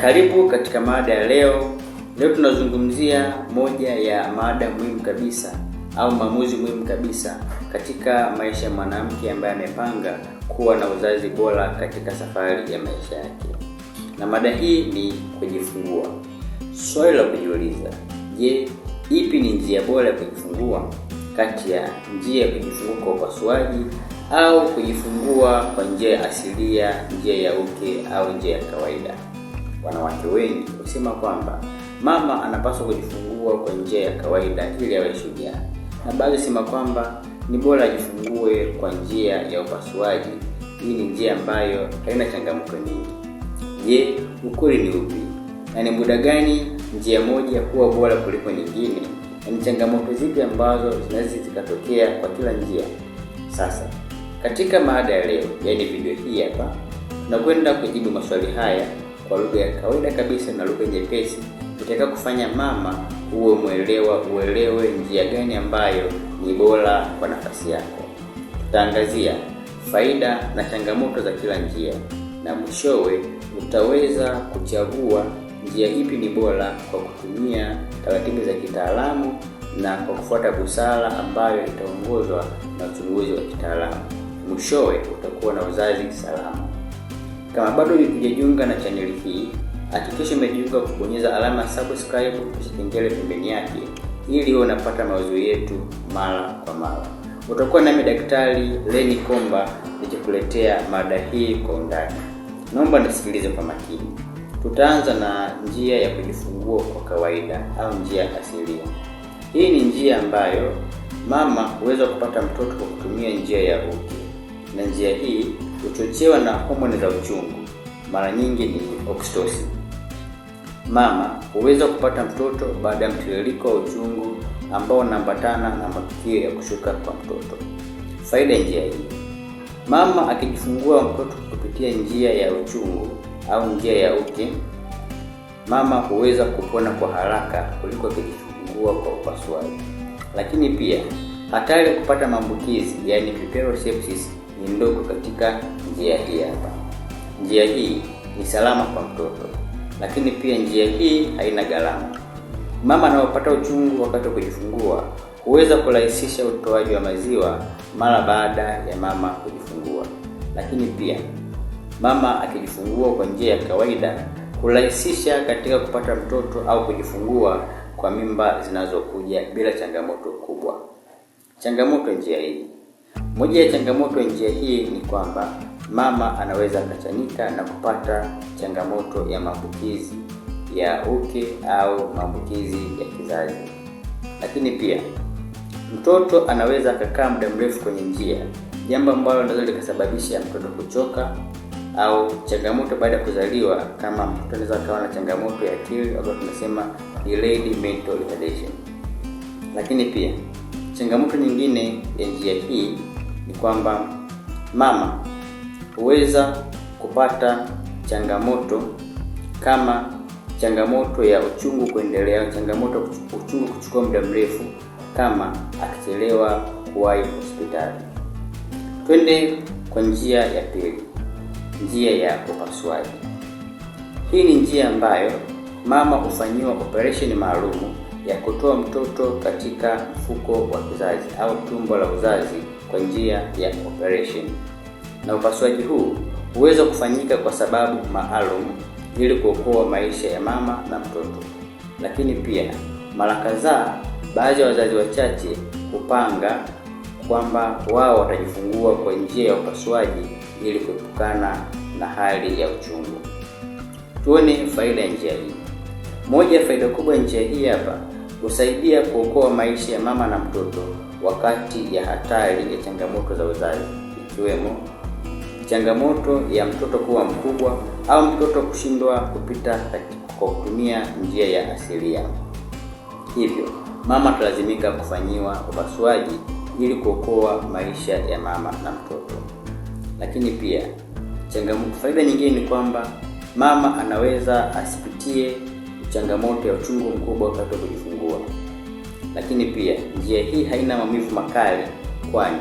Karibu katika mada ya leo. Leo tunazungumzia moja ya mada muhimu kabisa au maamuzi muhimu kabisa katika maisha ya mwanamke ambaye amepanga kuwa na uzazi bora katika safari ya maisha yake, na mada hii ni kujifungua. Swali la kujiuliza, je, ipi ni njia bora ya kujifungua kati ya njia ya kujifungua kwa upasuaji au kujifungua kwa njia ya asilia, njia ya uke au njia ya kawaida? wanawake wengi kusema kwamba mama anapaswa kujifungua kwa njia ya kawaida ili awe shujaa, na baadhi sema kwamba ni bora ajifungue kwa njia ya upasuaji. Hii ni njia ambayo haina changamoto nyingi. Je, ukweli ni upi? Na ni muda gani njia moja kuwa bora kuliko nyingine? Na ni changamoto zipi ambazo zinaweza zikatokea kwa kila njia? Sasa katika maada ya leo, yaani video hii hapa, tunakwenda kujibu maswali haya kwa lugha ya kawaida kabisa na lugha nyepesi itaka kufanya mama uwe mwelewa, uelewe njia gani ambayo ni bora kwa nafasi yako. Tutaangazia faida na changamoto za kila njia, na mwishowe utaweza kuchagua njia ipi ni bora kwa kutumia taratibu za kitaalamu na kwa kufuata busara ambayo itaongozwa na uchunguzi wa kitaalamu. Mwishowe utakuwa na uzazi salama. Kama bado hujajiunga na chaneli hii, hakikisha umejiunga kubonyeza alama subscribe kisha kengele pembeni yake, ili uwe unapata maudhui yetu mara kwa mara. Utakuwa nami Daktari Leni Komba nikikuletea mada hii kwa undani. Naomba nisikilize kwa makini. Tutaanza na njia ya kujifungua kwa kawaida au njia asilia. Hii ni njia ambayo mama huweza kupata mtoto kwa kutumia njia ya uke, na njia hii huchochewa na homoni za uchungu, mara nyingi ni oxytocin. Mama huweza kupata mtoto baada ya mtiririko wa uchungu ambao unaambatana na matukio ya kushuka kwa mtoto. Faida ya njia hii: mama akijifungua mtoto kupitia njia ya uchungu au njia ya uke, mama huweza kupona kwa haraka kuliko akijifungua kwa upasuaji. Lakini pia hatari ya kupata maambukizi, yaani prepuceral sepsis mdogo katika njia hii hapa. Njia hii ni salama kwa mtoto, lakini pia njia hii haina gharama. Mama anayopata uchungu wakati wa kujifungua huweza kurahisisha utoaji wa maziwa mara baada ya mama kujifungua, lakini pia mama akijifungua kwa njia ya kawaida kurahisisha katika kupata mtoto au kujifungua kwa mimba zinazokuja bila changamoto kubwa. Changamoto njia hii moja ya changamoto ya njia hii ni kwamba mama anaweza akachanika na kupata changamoto ya maambukizi ya uke au maambukizi ya kizazi. Lakini pia mtoto anaweza akakaa muda mrefu kwenye njia, jambo ambalo linaweza likasababisha mtoto kuchoka au changamoto baada ya kuzaliwa. Kama mtoto anaweza akawa na changamoto ya akili au tunasema delayed mental retardation. Lakini pia changamoto nyingine ya njia hii ni kwamba mama huweza kupata changamoto kama changamoto ya uchungu kuendelea, changamoto uchungu kuchukua muda mrefu kama akichelewa kuwahi hospitali. Twende kwa njia ya pili, njia ya upasuaji. Hii ni njia ambayo mama hufanyiwa operesheni maalumu ya kutoa mtoto katika mfuko wa kizazi au tumbo la uzazi kwa njia ya operation, na upasuaji huu huweza kufanyika kwa sababu maalum ili kuokoa maisha ya mama na mtoto. Lakini pia mara kadhaa, baadhi ya wazazi wachache hupanga kwamba wao watajifungua kwa njia ya upasuaji ili kuepukana na hali ya uchungu. Tuone faida ya njia hii. Moja ya faida kubwa ya njia hii hapa husaidia kuokoa maisha ya mama na mtoto wakati ya hatari ya changamoto za uzazi, ikiwemo changamoto ya mtoto kuwa mkubwa au mtoto kushindwa kupita kwa kutumia njia ya asilia. Hivyo mama atalazimika kufanyiwa upasuaji ili kuokoa maisha ya mama na mtoto. Lakini pia changamoto, faida nyingine ni kwamba mama anaweza asipitie changamoto ya uchungu mkubwa wakati wa kujifungua. Lakini pia njia hii haina maumivu makali, kwani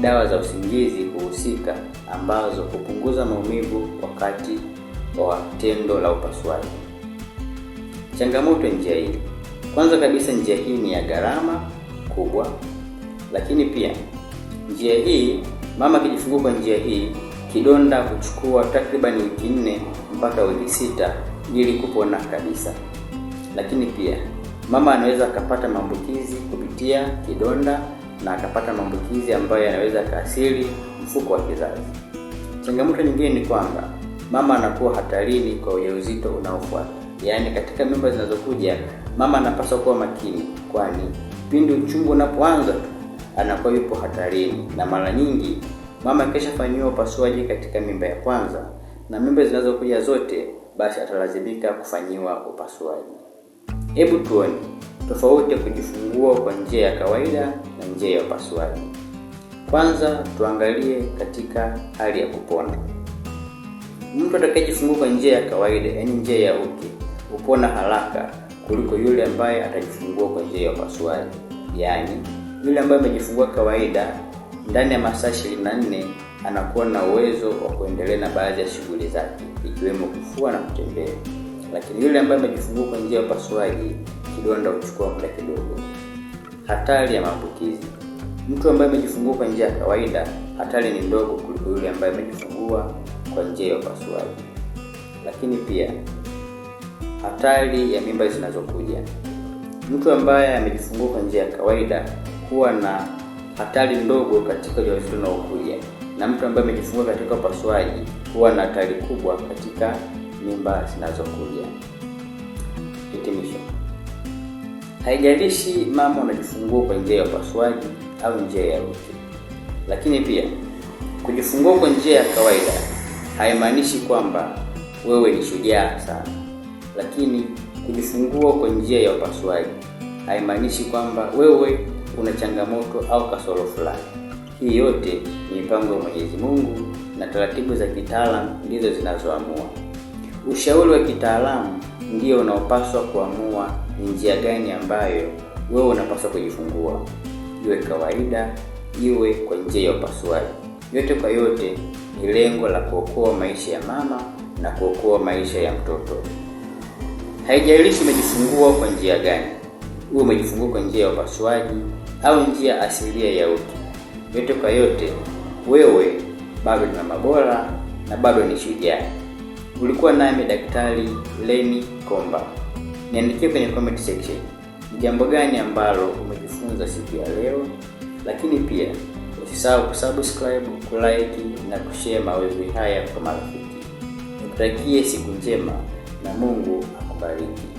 dawa za usingizi huhusika, ambazo hupunguza maumivu wakati wa tendo la upasuaji. Changamoto ya njia hii, kwanza kabisa, njia hii ni ya gharama kubwa, lakini pia njia hii mama akijifungua kwa njia hii, kidonda huchukua takribani wiki nne mpaka wiki sita ili kupona kabisa. Lakini pia mama anaweza akapata maambukizi kupitia kidonda na akapata maambukizi ambayo yanaweza akaathiri mfuko wa kizazi. Changamoto nyingine ni kwamba mama anakuwa hatarini kwa ujauzito unaofuata. Yaani, katika mimba zinazokuja mama anapaswa kuwa makini, kwani pindi uchungu unapoanza anakuwa yupo hatarini, na mara nyingi mama akishafanyiwa upasuaji katika mimba ya kwanza na mimba zinazokuja zote basi atalazimika kufanyiwa upasuaji. Hebu tuone tofauti ya kujifungua kwa njia ya kawaida na njia ya upasuaji. Kwanza tuangalie katika hali ya kupona. Mtu atakayejifungua kwa njia ya kawaida, yaani njia ya uke, hupona haraka kuliko yule ambaye atajifungua kwa njia ya upasuaji, yaani yule ambaye amejifungua kawaida ndani ya masaa 24 anakuwa na uwezo wa kuendelea na baadhi ya shughuli zake ikiwemo kufua na kutembea. Lakini yule ambaye amejifungua kwa njia ya upasuaji, kidonda huchukua muda kidogo. Hatari ya maambukizi: mtu ambaye amejifungua kwa njia ya kawaida, hatari ni ndogo kuliko yule ambaye amejifungua kwa njia ya upasuaji. Lakini pia hatari ya mimba zinazokuja: mtu ambaye amejifungua kwa njia ya kawaida huwa na hatari ndogo katika ujauzito unaokuja na mtu ambaye amejifungua katika upasuaji huwa na hatari kubwa katika mimba zinazokuja. Hitimisho: haijalishi mama unajifungua kwa njia ya upasuaji au njia ya uti, lakini pia kujifungua kwa njia ya kawaida haimaanishi kwamba wewe ni shujaa sana, lakini kujifungua kwa njia ya upasuaji haimaanishi kwamba wewe una changamoto au kasoro fulani. Hii yote ni mpango wa Mwenyezi Mungu na taratibu za kitaalamu ndizo zinazoamua. Ushauri wa kitaalamu ndio unaopaswa kuamua ni njia gani ambayo wewe unapaswa kujifungua, iwe kawaida, iwe kwa njia ya upasuaji. Yote kwa yote ni lengo la kuokoa maisha ya mama na kuokoa maisha ya mtoto. Haijalishi umejifungua kwa njia gani, uwe umejifungua kwa njia ya upasuaji au njia asilia ya uti kwa yote, wewe bado ni mama bora na bado ni shujaa. Ulikuwa nami Daktari Lenny Komba. Niandikie kwenye comment section ni jambo gani ambalo umejifunza siku ya leo, lakini pia usisahau kusubscribe, kulike na kushare mawezi haya kwa marafiki. Nikutakie siku njema na Mungu akubariki.